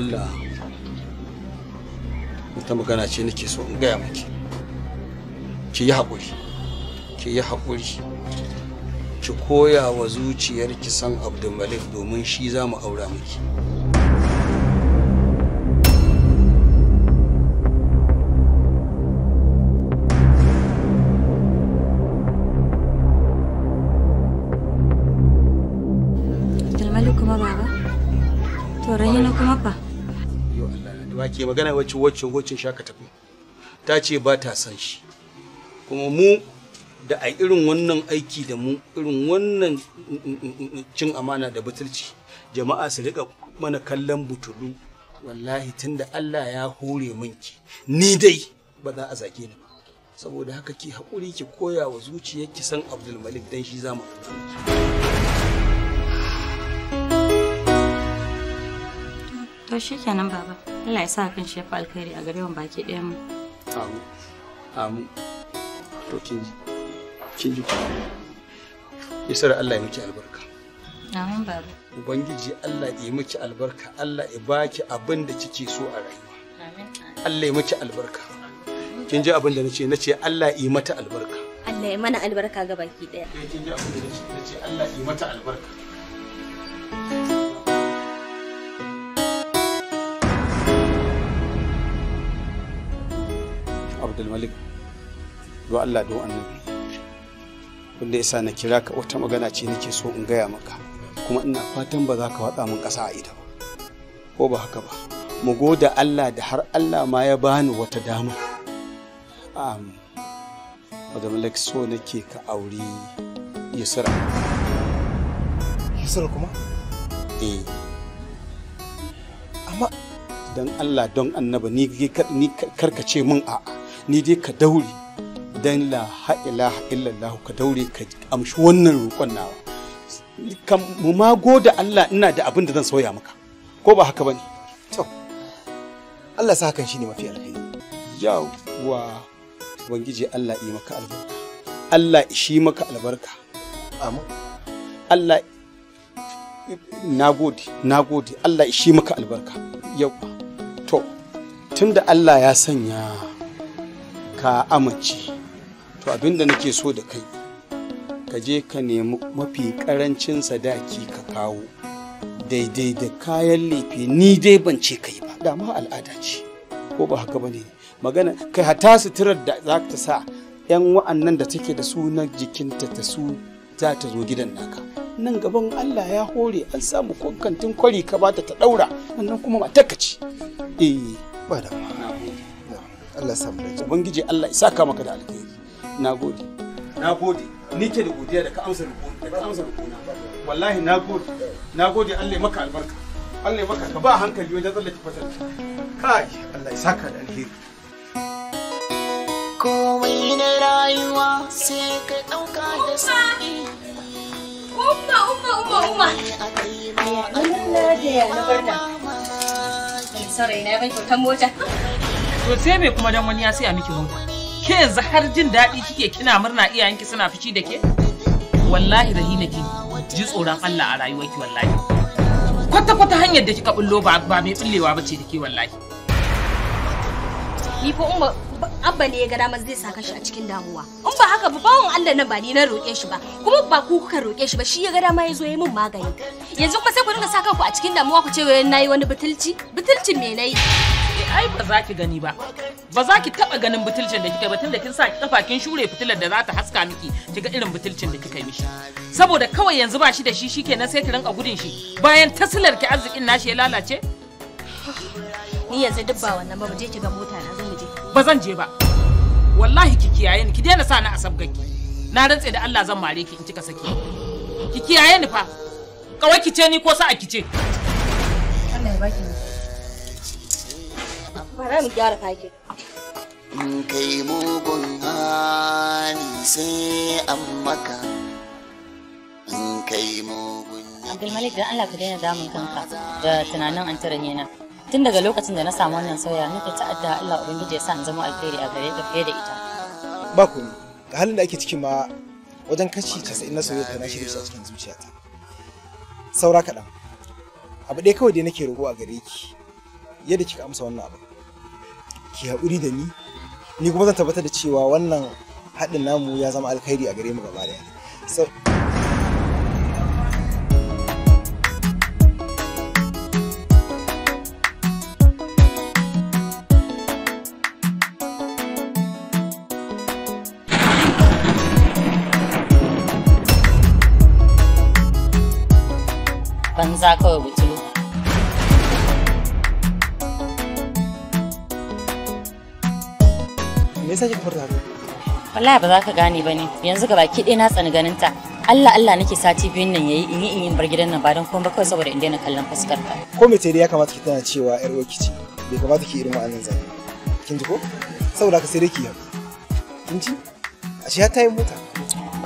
Allah ta magana ce nake so in gaya miki ki yi haƙuri ki yi haƙuri ki koya wa zuciyarki san abdulmalik domin shi za mu aura miki ke magana wacce wacce wacce shaka tafi ta ce ba ta san shi kuma mu da a irin wannan aiki da mu irin wannan cin amana da butulci jama'a su rika mana kallon butulu wallahi tunda Allah ya hore minki ni dai ba za a zage ni ba saboda haka ki haƙuri ki koya wa zuciyarki san Abdul Malik dan shi za mu To shi baba. Allah ya sa kan shi ya fi alkhairi a gare baki ɗayan mu. Amu. Amu. To kin ji. Kin ji Yasar Allah ya miki albarka. Amin baba. Ubangiji Allah ya miki albarka, Allah ya baki abin da kike so a rayuwa. Amin. Allah ya miki albarka. Kin ji abin da nace nace Allah ya mata albarka. Allah ya mana albarka ga baki ɗaya. Eh, kin ji abin da nace nace Allah ya mata albarka. abdulmalik do allah don annabi wanda sa na kira ka wata magana ce nake so in gaya maka kuma ina fatan ba za ka watsa min ƙasa a ida ba ko ba haka ba mu goda allah da har allah ma ya bani wata dama abdulmalik so nake ka auri yusra yusra kuma eh amma don allah don annaba ni karkace min a'a ni dai ka daure dan la ha’ilaha illallah ka daure ka amshi wannan roƙon nawa kan mu ma goda Allah ina da abin da zan soya maka ko ba haka bane to Allah sa hakan shine mafi alheri yawwa ubangiji Allah yi maka albarka Allah shi maka albarka amin Allah nagode nagode Allah shi maka albarka yau to tunda Allah ya sanya ka amince to abinda nake so da kai ka je ka nemi mafi karancin sadaki ka kawo daidai da kayan lefe ni dai ban ce kai ba dama al'ada ce ko ba haka bane magana kai hata suturar da za ta sa yan wa'annan da take da su na jikinta ta su za ta zo gidan naka nan gaban Allah ya hore an samu kwankantin kwari ka bata ta daura wannan kuma ma takaci. eh ba da ma Allah ya samu dace ubangiji Allah ya saka maka da alheri nagode nagode ke da godiya da ka amsa da ka amsa rukuna wallahi nagode nagode Allah ya maka albarka Allah ya maka ka ba hankali wajen tsallake fatar kai Allah ya saka da alheri komai na rayuwa sai ka dauka da sauƙi. Umma, umma, umma, umma. Allah ya na barna. Sarai na yaban kyautar mota. to sai me kuma dan wani ya sai a miki mota ke yanzu har jin daɗi kike kina murna iyayenki suna fici da ke wallahi rahina ki ji tsoron Allah a rayuwarki wallahi kwata kwata hanyar da kika bullo ba ba mai bullewa bace da ke wallahi ni fa umma abba ne ya ga damar zai saka shi a cikin damuwa in ba haka ba bawon Allah nan ba ni na roƙe shi ba kuma ba ku kuka roƙe shi ba shi ya ga dama ya zo ya min magani yanzu kuma sai ku dinga saka ku a cikin damuwa ku ce wai nayi wani butulci butulcin me nayi ai ba za ki gani ba ba za ki taba ganin butulcin da kika ba tunda kin sa kafa kin shure fitilar da za ta haska miki kiga irin butulcin da kika yi mishi saboda kawai yanzu ba shi da shi shikenan sai ki rinka gudun shi bayan tasilar ki arzikin nashi ya lalace ni yanzu duk ba wannan ba mu je ki ga mota na zan mu je ba zan je ba wallahi ki kiyaye ni ki daina sa ni a sabgaki na rantse da Allah zan mare ki in kika saki ki kiyaye ni fa kawai ki ce ni ko sa ki ce za mu gyara fakin in kai mugun hali sai an maka in kai mugun malik dan allah ka daina damun kanka da tunanin an tara na tun daga lokacin da na samu wannan sauya nake ta'adda allah ubangiji ya sa in zama alheri a gare ka fiye da ita ba ku ga halin da ake ciki ma wajen kashi casa'in na soyayya na shirye a cikin zuciyata saura kaɗan abu ɗaya kawai dai nake roƙo a gare ki yadda kika amsa wannan abu ke haƙuri da ni ni kuma zan tabbatar da cewa wannan haɗin namu ya zama alkhairi a gare mu gaba daya banza kawai butulu me yasa kika furta haka wallahi ba za ka gane ba ne yanzu ga baki dai na tsani ganin ta Allah Allah nake sati biyun nan yayi in yi in yi bar gidan nan ba don kuma ba kawai saboda in daina kallon fuskar ka ko me sai dai ya kamata ki tana cewa yar uwa kici bai kamata ki irin wa'annan zai kin ji ko saboda ka sai dai ki yi kin ji ashe ya ta yi mota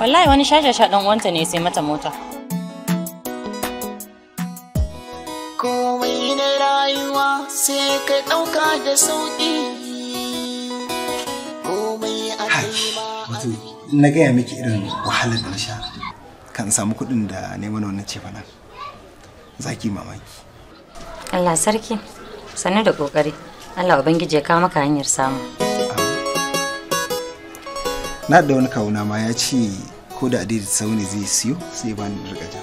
wallahi wani shashasha dan uwanta ne sai mata mota komai na rayuwa sai ka ɗauka da sauƙi wato na gaya miki irin wahalar da na sha kan samu kuɗin da ne mana wannan ce fana zaki mamaki Allah sarki sannu da ƙoƙari Allah ubangiji ya kawo maka hanyar samu na da wani kawuna ma ya ce ko da adidi sauni zai siyo sai ba ni rikaja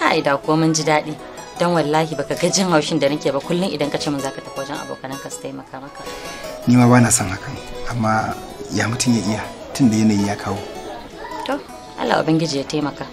kai da ko mun ji daɗi dan wallahi baka ga jin haushin da nake ba kullun idan ka ce mun zaka tafi wajen abokanan ka su taimaka maka ni ma bana son hakan amma ya mutum ya iya tun da yanayi ya kawo to allah ubangiji ya taimaka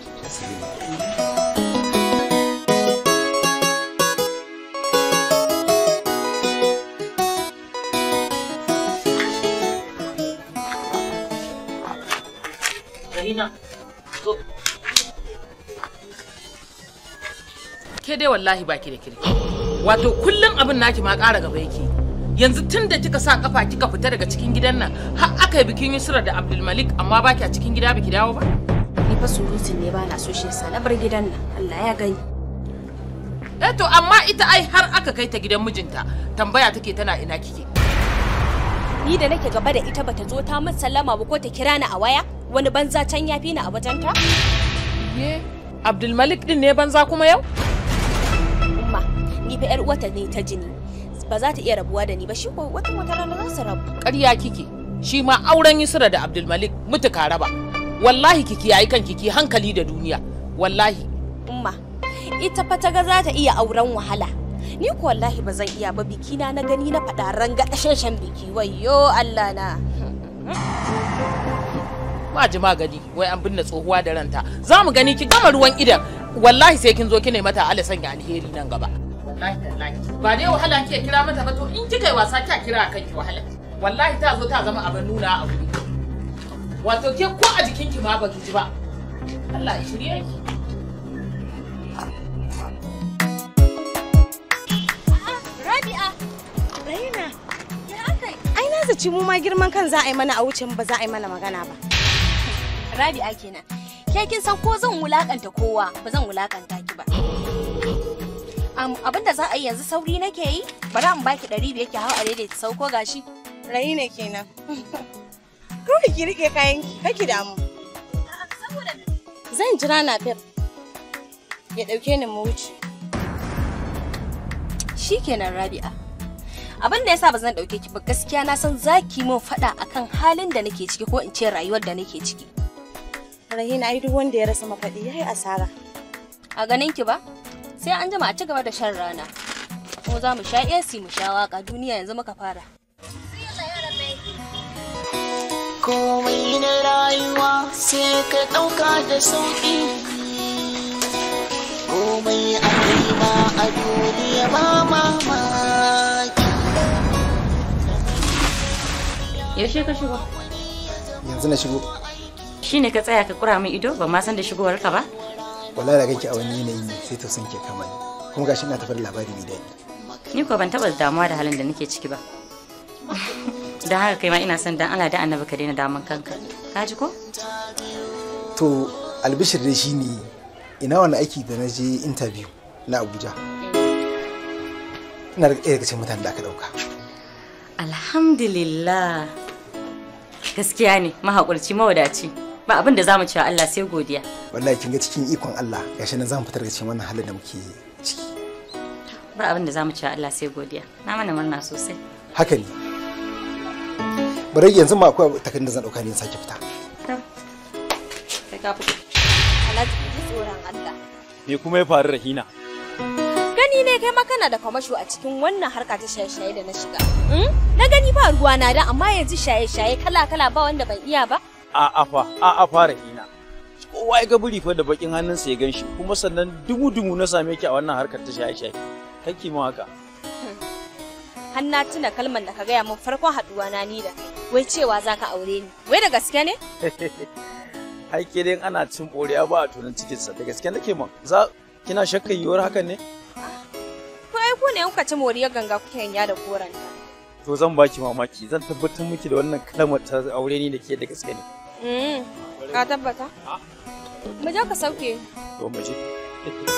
Ke dai wallahi baki da kirki. Wato kullum abin naki ma ƙara gaba yake. Yanzu tun da kika sa kafa kika fita daga cikin gidan nan har aka yi bikin Yusra da Abdulmalik amma ba a cikin gida biki dawo ba? Ni fa surutun ne ba na so shi sa na bar gidan nan. Allah ya gani. Eh to amma ita ai har aka kai ta gidan mijinta tambaya take tana ina kike. Ni da nake gaba da ita bata zo ta min sallama ba ko ta kira ni a waya wani banza can ya fi ni a wajenta? Ye Abdulmalik din ne banza kuma yau? Umma ni fa yar uwata ne ta jini ba za ta iya rabuwa da ni ba shi ko wata wata rana za su rabu. Ƙarya kike. shi ma auren Yusra da Abdulmalik mutu raba wallahi kiki yayi kan kiki hankali da duniya wallahi umma ita fa taga za ta iya auren wahala ni ko wallahi ba zan iya ba biki na na gani na faɗa ranga ɗasheshen biki wayyo Allah na Ba ji magani wai an binne tsohuwa da ranta za mu gani ki gama ruwan idan wallahi sai kin zo ki mata ala sanya alheri nan gaba Wallahi ba dai wahala kike kira mata ba to in kika yi wasa kya kira kanki wahala wallahi ta zo ta zama abin nuna a gudu wato ke ko a jikinki ma ba ki ji ba Allah ya shirye ki Rabi'a Raina ya kai. ai na zaci mu ma girman kan za a yi mana a wuce ba za a yi mana magana ba Rabi'a kenan ke kin san ko zan wulakanta kowa ba zan wulakanta ki ba abinda za a yi yanzu sauri nake yi bari in baki ɗari biyar ki hau a daidaita sauko gashi raina kenan kawai ki rike kayan ki kake damu zan jira na fef ya dauke ni mu wuce shikenan rabi'a abin da yasa bazan dauke ki ba gaskiya na san zaki mun fada akan halin da nake ciki ko in ce rayuwar da nake ciki raina ai duk wanda ya rasa mafadi yayi asara a ganin ki ba sai an jima a ci gaba da shan rana ko za mu sha AC mu sha waka duniya yanzu muka fara komai na rayuwa sai ka ɗauka da sauƙi komai a ba a duniya ba mamaki yaushe ka shigo yanzu na shigo shine ka tsaya ka kura min ido ba ma san da shigowar ka ba wallahi da kake a wani yanayi ne sai tausan ke kama ni kuma gashi ina tafar labari mai daɗi ni ko ban taɓa damuwa da halin da nake ciki ba da haka kai ma ina son dan Allah da annabi ka daina damun kanka ka ji ko to albishir dai shine ina wani aiki da na je interview na Abuja ina da kake cikin mutanen da aka ɗauka alhamdulillah gaskiya ne mahaƙurci mawadaci ba abin da zamu cewa Allah sai godiya wallahi kin ga cikin ikon Allah gashi nan zamu fitar da cikin wannan halin da muke ciki ba abin da zamu cewa Allah sai godiya na mana murna sosai haka ne bari yanzu ma akwai takardun da zan dauka ne in sake fita sai ka fita Alhaji tsoron Allah me kuma ya faru Rahina gani ne kai ma kana da kamasho a cikin wannan harka ta shaye-shaye da na shiga hmm? na gani ba ruwa na da amma yanzu shaye-shaye kala-kala ba wanda ban iya ba a'a fa a'a fa Rahina kowa ya ga buri fa da bakin hannunsa ya ganshi kuma sannan dumu-dumu na same ki a wannan harkar ta shaye-shaye kake ma haka har na tuna kalmar da ka gaya min farkon haduwa na ni da wai cewa za ka aure ni wai da gaske ne ai ke dai ana cin boriya ba a tunan cikin sa da gaske nake ma za kina shakkan yiwuwar hakan ne ko ai ku ne kuka ci moriyar ganga kuke yanya da koranta to zan baki mamaki zan tabbatar miki da wannan kalmar ta aure ni da ke da gaske ne hmm, ka tabbata ah. mu je ka sauke to mu je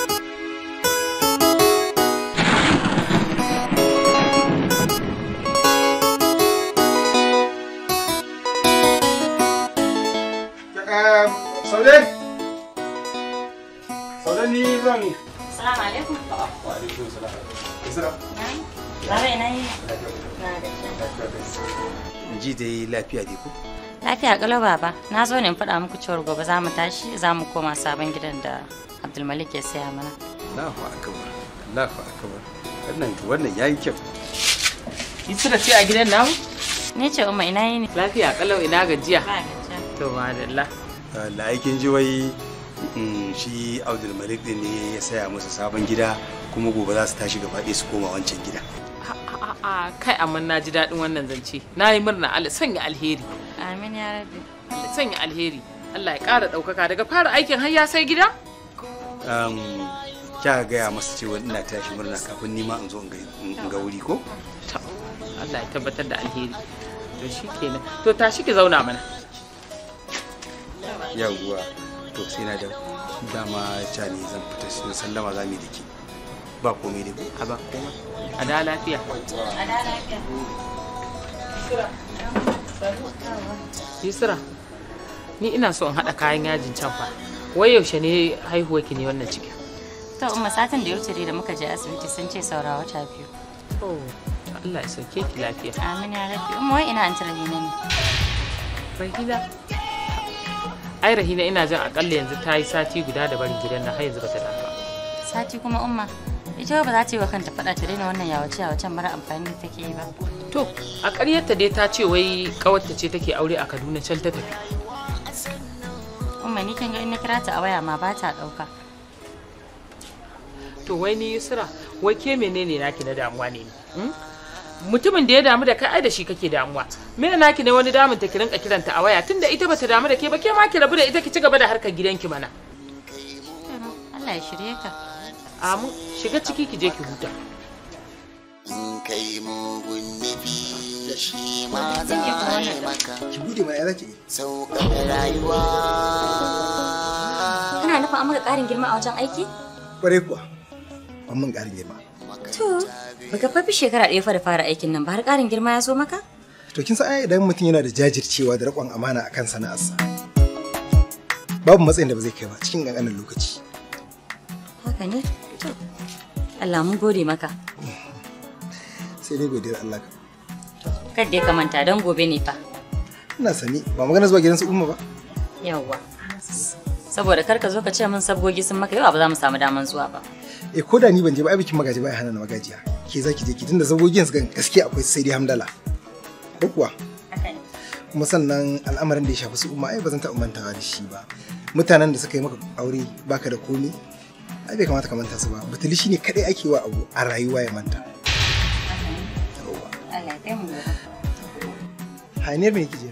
saude saude ni ji dai lafiya dai ko lafiya kalau baba na zo ne in faɗa muku cewar gobe za mu tashi za mu koma sabon gidan da abdulmalik ya saya mana Allahu akbar Allahu akbar wannan wannan yayi kyau Isra ce a gidan namu? Ni ce umma ina yi ne. Lafiya kalau ina gajiya. Ba gajiya. To madalla. la'aikin jiwai mm, shi malik din ne ya saya musu sabon gida kuma gobe za su tashi gaba su koma wancan gida a kai amma na ji daɗin wannan zance na yi murna Allah sanya alheri amin ya rabbi sanya alheri Allah ya ƙara ɗaukaka daga fara aikin har ya sai gida kya gaya masa cewa ina tashi murna kafin nima in zo in ga wuri ko Allah ya tabbatar da alheri to shi kenan to tashi ki zauna mana yawuwa to sai na da dama cani zan fita sun sallama za mu da ba komai da a ba komai a da lafiya a da lafiya Yusra, ni ina so in haɗa kayan yajin can fa. Wai yaushe ne haihuwa ki ne wannan cikin? To, umma satin da ya da muka je asibiti sun ce saura wata biyu. Oh, Allah ya sauke ki lafiya. Amin ya rafi. Umma wai ina an tarbiyya ne. Rahila, ai rahina ina jin akalla yanzu ta yi sati guda da barin gidan na har yanzu bata dafa sati kuma umma ita ba za ta yi wa kanta fada ta daina wannan yawace yawacen mara amfani da take yi ba to a ƙaryarta dai ta ce wai kawarta ce take aure a kaduna can ta tafi umma ni kin ga in na kira ta a waya ma ba ta ɗauka to wai ni yusra wai ke menene naki na damuwa ne hmm? mutumin da ya damu da kai da shi kake damuwa me naki ne wani damun ta ki kiran kiranta a waya tunda ita bata damu da ke ba ke ma ki rabu da ita ki ci gaba da harkar gidanki mana Allah ya shirye ka amu shiga ciki ki je ki huta in kai mugun shi ma za a yi maka ki ma rayuwa kana ƙarin girma a wajen aiki ƙwarai kuwa an mun ƙarin girma to Baka fafi shekara ɗaya fa da fara aikin nan ba har ƙarin girma ya zo maka? To kin san ai idan mutum yana da jajircewa da riƙon amana a kan sana'arsa. Babu matsayin da ba zai kai ba cikin ƙanƙanin lokaci. Haka ne? To, Allah mun gode maka. Sai dai godiyar Allah ka. Kar dai ka manta don gobe ne fa. Ina sani ba magana zuwa gidan su umma ba. Yawwa. Saboda kar ka zo ka ce min sabgogi sun maka yawa ba za mu samu daman zuwa ba. Eh ko da ni ban je ba ai bikin magaji ba ya hana na magajiya. ke zaki je ki tunda zagogin su gaskiya akwai sai dai hamdala ko kuwa kuma sannan al'amarin da ya shafi su umma ai ba zan taɓa mantawa da shi ba mutanen da suka yi maka aure baka da komai ai bai kamata ka manta su ba batuli shine kadai ake wa abu a rayuwa ya manta hayaniyar me kike ji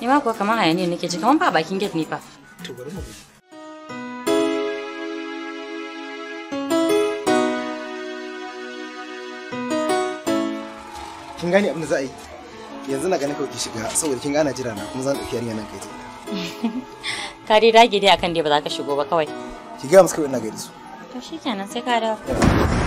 ni ma kuwa kamar hayaniyar nake ji kamar ba bakin gate ne fa to bari mu kin gane abin da za a yi yanzu na ganin kawai ki shiga saboda kin gane jira na kuma zan dauki yarinya nan kai ta ka dai dage dai akan dai ba za ka shigo ba kawai ki ga musu kawai ina gaida su to shikenan sai ka dawo eh? ah,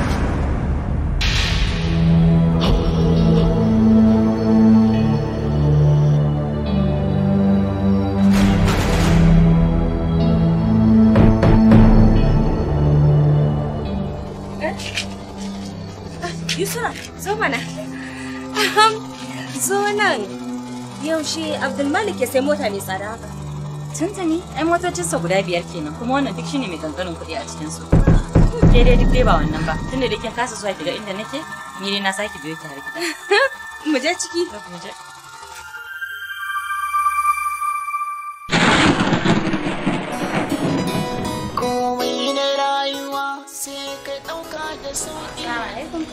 Yusuf, zo mana. zo nan yaushe abdulmalik ya sai mota mai tsada haka tuntuni ai sa guda biyar kenan kuma wannan duk shine mai kankanin kuɗi a cikin su ke dai duk dai ba wannan ba tunda da kin kasa zuwa kiga inda nake ni na saki biyo ki har gida mu je ciki mu je komai rayuwa sai da assalamu alaikum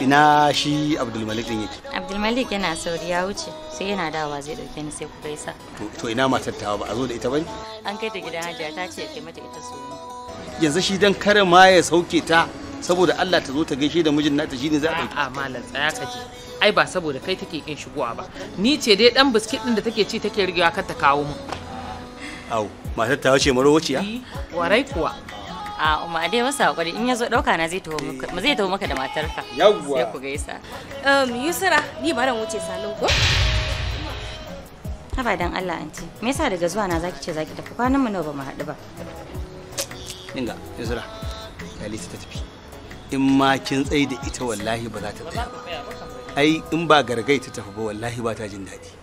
ina shi abdulmalik din yake abdulmalik yana sauri ya wuce sai yana dawowa zai dauke ni sai ku gaisa to ina matar tawa ba a zo da ita bane an kai ta gidan hajiya ta ce ya mata ita so yanzu shi dan kare ma ya sauke ta saboda Allah ta zo ta gaishe da mijin nata shine za a A'a malam tsaya ka ji ai ba saboda kai take kin shigowa ba ni ce dai dan biskit din da take ci take rigewa kar ta kawo mu au matar ta wace marowuciya warai kuwa a umma dai masa hakuri in yazo dauka na zai taho maka zai taho maka da matarka yawwa sai ku gaisa um yusra ni baran wuce salon ko haba dan Allah anti me yasa daga zuwa na zaki ce zaki tafi kwanan mu nawa ba mu haɗu ba yusra kalisa ta tafi in ma kin tsaye da ita wallahi ba za ta tsaya ai in ba gargai ta tafi ba wallahi ba ta jin daɗi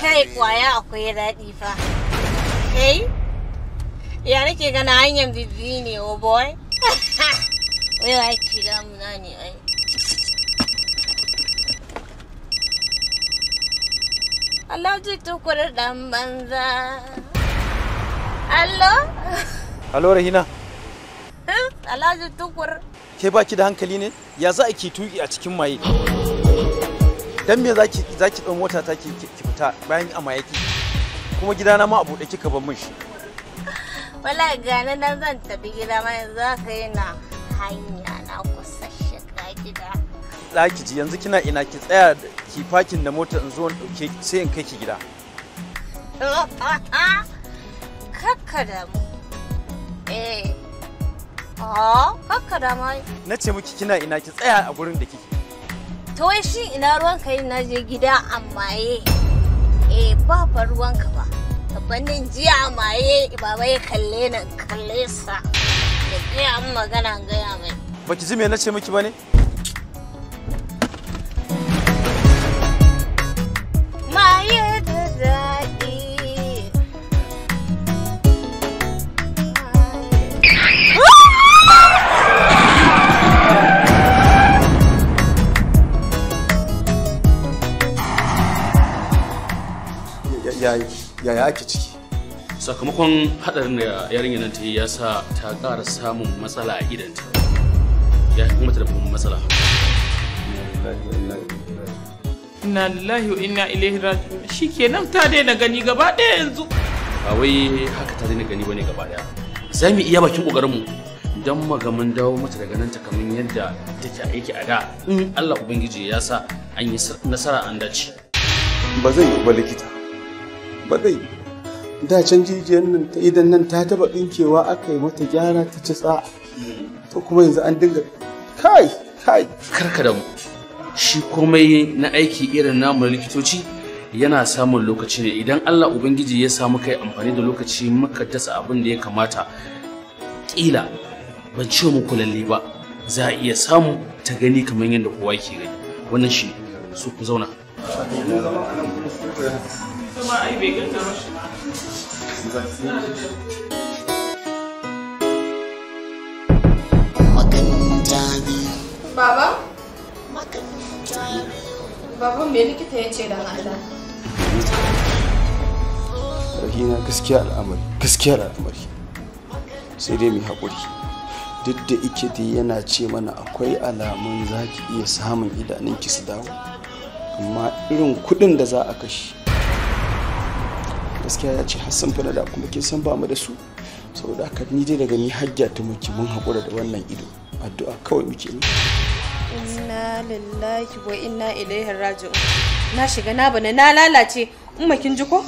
Kai kwaya akwai daɗi fa. Kai? Ya nake gana hanyar bibbi ne, oh boy. Wai wa ki damuna ne ai. Allah ji tukur dan banza. Allo? Allo Rahina. Alhaji tukur. Ke baki da hankali ne? Ya za a ki tuki a cikin maye? dan me zaki zaki dan mota ta ki fita bayan a mayaki kuma gidana ma a bude kika ban min shi wallahi gani nan zan tafi gida ma yanzu aka yana hanya na kusa shiga gida zaki ji yanzu kina ina ki tsaya ki fakin da mota in zo in dauke sai in kai ki gida kakkada mu eh oh, kakka kakkada mai na ce miki kina ina ki tsaya a gurin da kike ta wai shi ina ruwan yi na naje gida a maye eh ba fa ka ba abannin jiya a maye baba ya kalle nan kalle sa ya amma magana gaya mai baki ji me na ce miki bane yaya ake ciki sakamakon hadarin da yarinya nan ta yi ya sa ta ƙara samun matsala a idanta ya kuma mata da matsala inna lillahi wa inna ilaihi raji'un shikenan ta daina gani gaba ɗaya yanzu ba wai haka ta daina gani bane gaba ɗaya za mu iya bakin kokarin mu dan dawo mata daga nan ta kamar yadda take aiki a da in Allah ubangiji ya sa an yi nasara an dace ba zai yi ba likita ba da can jijiyar nan ta idan nan ta taba ɗinkewa aka mata gyara ta ci tsa to kuma yanzu an dinga kai kai karka da mu shi komai na aiki irin namu likitoci yana samun lokaci ne idan Allah Ubangiji ya samu kai amfani da lokaci muka dasa abin da ya kamata ƙila ban ce muku lalle ba za a iya samu ta gani kamar yadda kowa ke gani wannan shi su ku zauna ma ai bai ganta ba Baba? Baba me likita ya ce don Allah? Rahina gaskiya al'amari, Sai dai mu haƙuri. duk da ike da yana ce mana akwai alamun za ki iya samun idanunki su dawo amma irin kudin da za a kashe gaskiya ya ce hassan fana da kuma kin san ba mu da su saboda haka ni dai daga ni hajja ta muke mun haƙura da wannan ido addu'a kawai muke mu inna lillahi wa inna ilaihi raji'un na shiga na bana na lalace ma kin ji ko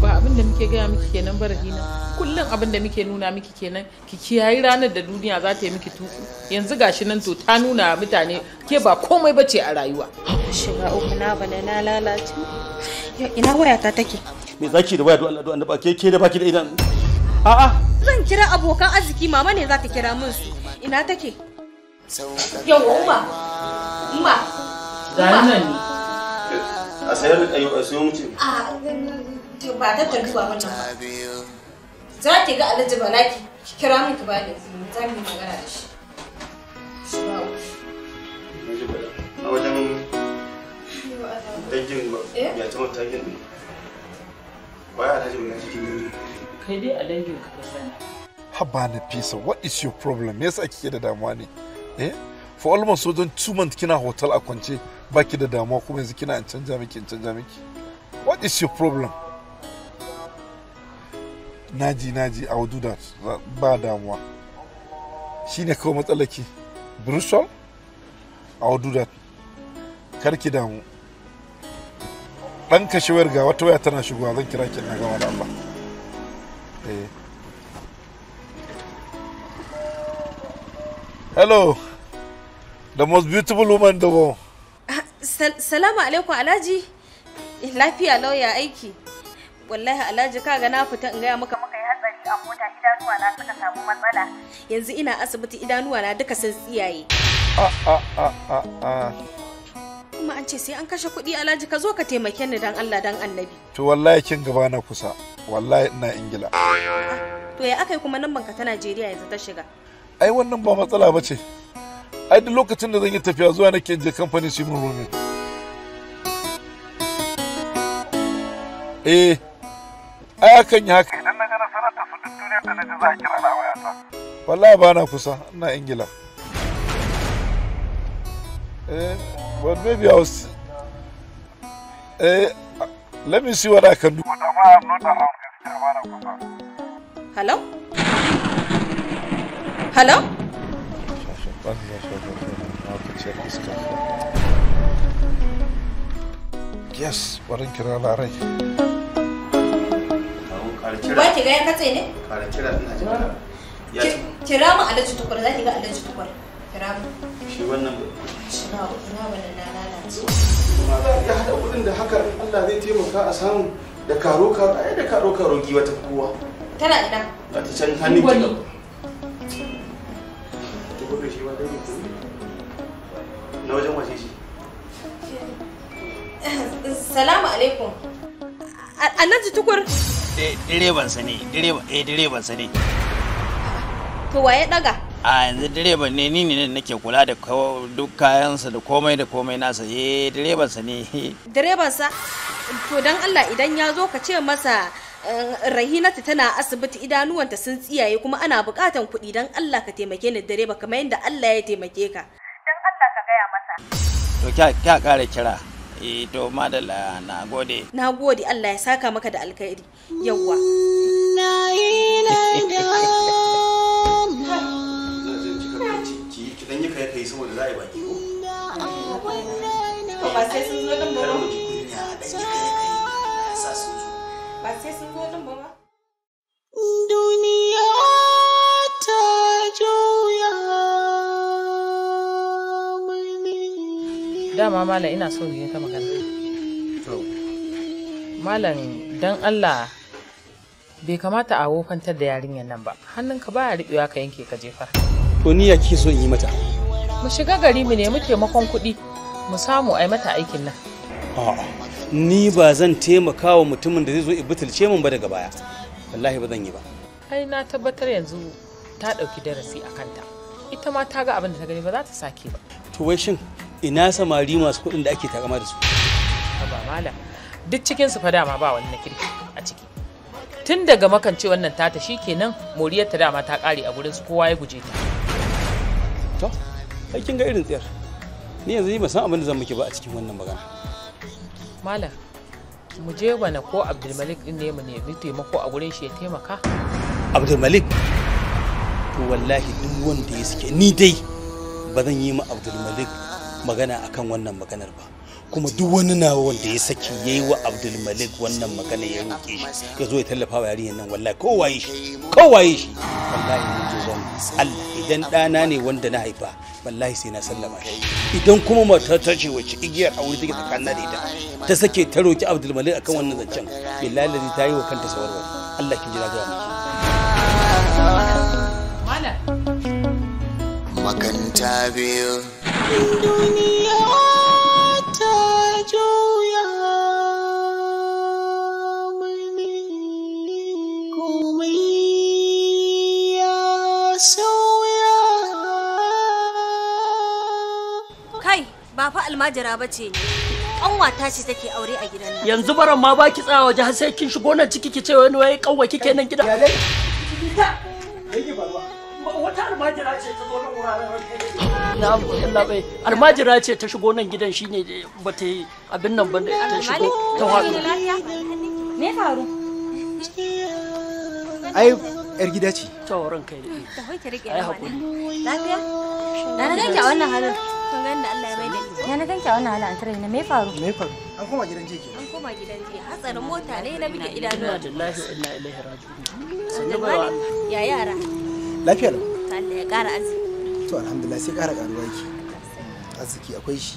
ba abin da muke gaya miki kenan barahina kullum abin da muke nuna miki kenan ki kiyayi ranar da duniya za ta yi miki tuku yanzu gashi nan to ta nuna mutane ke ba komai bace a rayuwa shiga uku na bana na lalace ina wayata take me zaki da waya don Allah don annaba ke ke da baki da idan a'a zan kira abokan arziki mama ne za ta kira min su ina take yawa umma umma ga nan ne a sayar da kayo a sayo mutum a ba ta ta zuwa wannan ba za ki ga alhaji banaki ki kira min ki ba da za mu magana da shi shi ba a wajen dangin eh? ya ta matakin ne Waya alhaji wani cikin dangi. Kai dai a ka ka sani. Haba na fisa, what is your problem? Me yasa kike da damuwa ne? Eh? For almost so don two months kina hotel a kwance baki da damuwa kuma yanzu kina an canja miki an canja miki. What is your problem? Naji naji I will do that. Ba damuwa. Shine kawai matsalaki. Brussels? I will do that. Kar ki damu. dan kashe wayar ga wata waya tana shigowa zan kira ki na gama da Allah eh hello the most beautiful woman in the world ah, salamu alaikum alhaji eh, lafiya lauya aiki wallahi alhaji kaga na fita in gaya maka maka yi hatsari a mota idanuwa na suka samu matsala yanzu ina asibiti idanuwa na duka sun tsiyaye ah ah ah ah, ah. kuma an ce sai an kashe kuɗi alhaji ka zo ka taimake ni dan Allah dan annabi to wallahi kin gaba na kusa wallahi ina ingila ah, to ya akai kuma nan banka ta Najeriya yanzu ta shiga ai wannan ba matsala ba ce ai duk lokacin da zan yi tafiya zuwa nake je kamfanin shi mun rumi eh ai akan yi haka idan na ga nasarar ta su duk duniya da na ji za a kira na wayata wallahi ba na kusa ina ingila eh But maybe I'll see. Uh, let me see what I can do. But I'm not allowed this Hello? Hello? I have to check this car. Yes, what in Kerala, right? Wai ki ga ya katse ne? Kira mu alaji tukur, za ki ga gram a da Allah zai taimaka a samu da karo karo ai da karo karo giwa wata kowa tana ina ba ta can hannun ki ta gobe shi dai na wajen shi alaikum alhaji tukur eh, direbansa ne direbansa eh, ne to waye daga a yanzu direban ne ni ne nake kula da duk kayansa da komai da komai nasa eh direbansa ne direbansa to dan Allah idan ya zo ka ce masa eh, rahinatu tana asibiti idanuwanta sun tsiyaye kuma ana bukatan kuɗi dan Allah ka taimake ni direba kamar yadda Allah ya taimake ka dan Allah ka gaya masa to kya kara kira eh to madalla na gode na gode Allah ya saka maka da alkhairi yawwa na yi na dan yi kai kai saboda za a yi baki ko ba sai sun zo din ba ba ba sai sun zo ba ba dama malam ina so ne ta magana malam dan Allah bai kamata a wofantar da yarinyar nan ba hannunka ya riɓewa ka yanke ka jefar. to ni ya kike so in yi mata mu shiga gari mu nemi taimakon kuɗi mu samu a mata aikin nan ni ba zan taimaka wa mutumin da zai zo ibutulce mun ba daga baya wallahi ba zan yi ba kai na tabbatar yanzu ta ɗauki darasi a kanta ita ma ta ga abin da ta gani ba za ta sake ba to wai shin ina samari masu kuɗin da ake takama da su ba mala duk cikin su fa dama ba wani na kirki a ciki tun daga makance wannan tata shikenan moriyar ta dama ta kare a gurin su kowa ya guje ta to kai ga irin tsayar ni yanzu ni san abin da zan ba a cikin wannan magana malam mu je bana ko abdulmalik din ne mu nemi taimako a gurin shi ya taimaka abdulmalik to wallahi duk wanda ya suke ni dai ba zan yi ma abdulmalik magana akan wannan maganar ba kuma duk wani nawa wanda ya saki ya yi wa abdulmalik wannan magana ya roƙe shi ya zo ya tallafa wa yarinyar nan wallahi kowaye shi kowaye shi wallahi mun zan Allah idan ɗana ne wanda na haifa wallahi sai na sallama shi idan kuma matar ta ce wacce igiyar aure take tsakanin da ita ta sake ta roki abdulmalik akan wannan zancen billahi lazi ta yi wa kanta sawarwar Allah ki jira ga miki maganta biyu duniya fa almajira bace ne an wata ce take aure a gidan nan. Yanzu baran ma baki tsaya waje har sai kin shigo nan ciki ki ce wani waye ƙanwa kike nan gida. Yale. Wata almajira ce ta zo nan wuraren. Na Allah bai. Almajira ce ta shigo nan gidan shine ba ta yi abin nan ba ta shigo ta haɗu. Me faru? Ai yar gida ce. Ta wurin ne. Ai hakuri. Lafiya? Na na ganki a wannan halin. Kun ga inda Allah ya mai da ni. Ya na ganki a wannan halin antare ne me faru? Me faru? An koma gidan jiya ke. An koma gidan a Hatsarin mota ne na bige idanuwa. Inna lillahi wa inna ilaihi raji'un. Sannu ba Ya yara. Lafiya lau. Allah ya kara arziki. To alhamdulillah sai kara karuwa yake. Arziki akwai shi.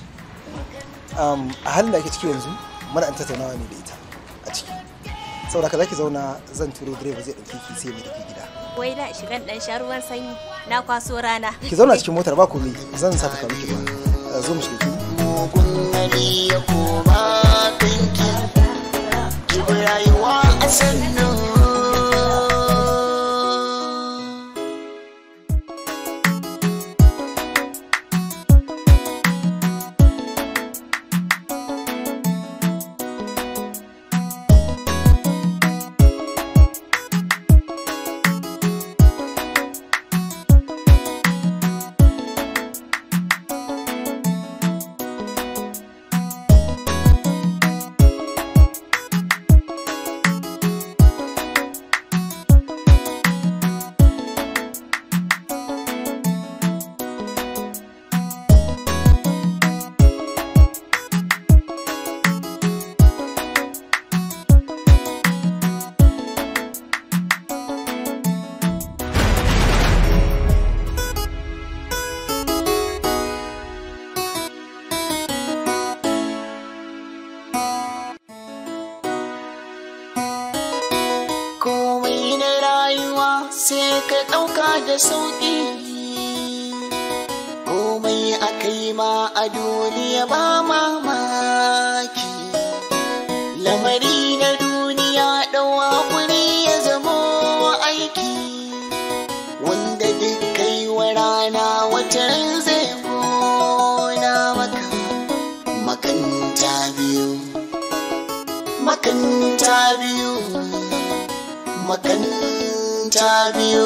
a halin da ake ciki yanzu muna an tattaunawa ne da ita a ciki. Saboda ka zaki zauna zan turo direba zai ɗauke ki sai mu tafi gida. Wai da shigan ɗan sha ruwan sanyi. na kwaso rana ki zauna cikin motar ba komai zan sa ta kawo ki ba zo mu shiga mugun ya ko ba kanki ki rayuwa a sannu kai ma a duniya ba mamaki lamari na duniya ɗawa kuri ya zamo aiki wanda duk kai wa rana wata zai gona maka makanta biyu makanta biyu makanta biyu